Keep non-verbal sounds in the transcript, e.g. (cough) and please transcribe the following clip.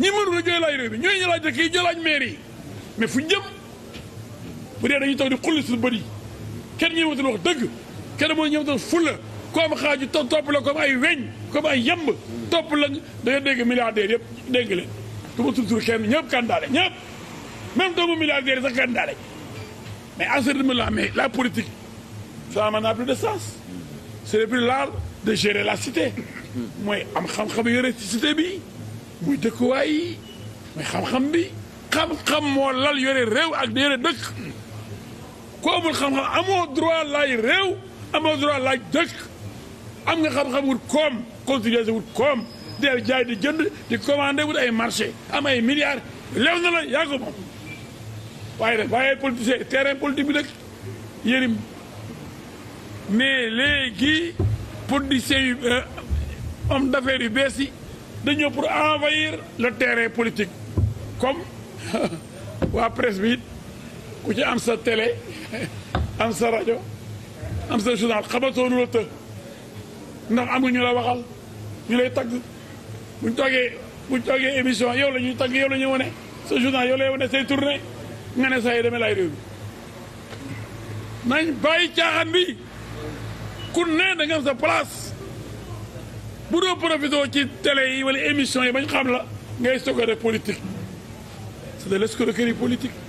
ñi mënul a ñooy laaj ñooy ñu laaj dëkk yi ñu laaj mais fu jëm bu dee dañuy toog di xulli suñu bëri kenn ñëwatul wax dëgg kenn moo ñëwatul fulla ko xaaju to topp la comme ay weñ comme ay yemb topp la dañoo dégg milliardaires yëpp dégg leen du ma tudd tur kenn ñëpp kandaale ñëpp même doomu milliardaires yi sax kandaale mais assainissement la mais la politique ça n'a plus de sens c'est le plus l'art de la cité mooy am xam-xam yore ci cité bi muy dëkkuwaay yi muy xam-xam bi xam-xam moo lal yore réew ak yore dëkk ku xam-xam amoo droit laaj réew amoo droit laaj dëkk am nga xam-xam wut koom continuer wut koom di jaay di jënd di commandé wut ay marché am ay milliards lew na la yaa waaye nag waaye politicien terrain politique bi nag yërim mais léegi politiciens yu euh, homme d'affaires yi dañ ñëw pour envahir le terrain politique comme (laughs) waa presse bi ku ci am sa télé (laughs) am sa rajo am sa journal xamatoonu la të ndax am nga ñu la waxal ñu lay tagg buñ toogee buñ toogee émission yow la ñuy tagg yow la ñuy wane sa journal yow lay wane say tournée nga ne saa yi demee laay réew mi nañ bàyyi caaxaan bi ku ne da am sa place bu doo profité ci télé yi wala émission yi bañ xam la ngay soog a def politique c'est de l'escroquerie politique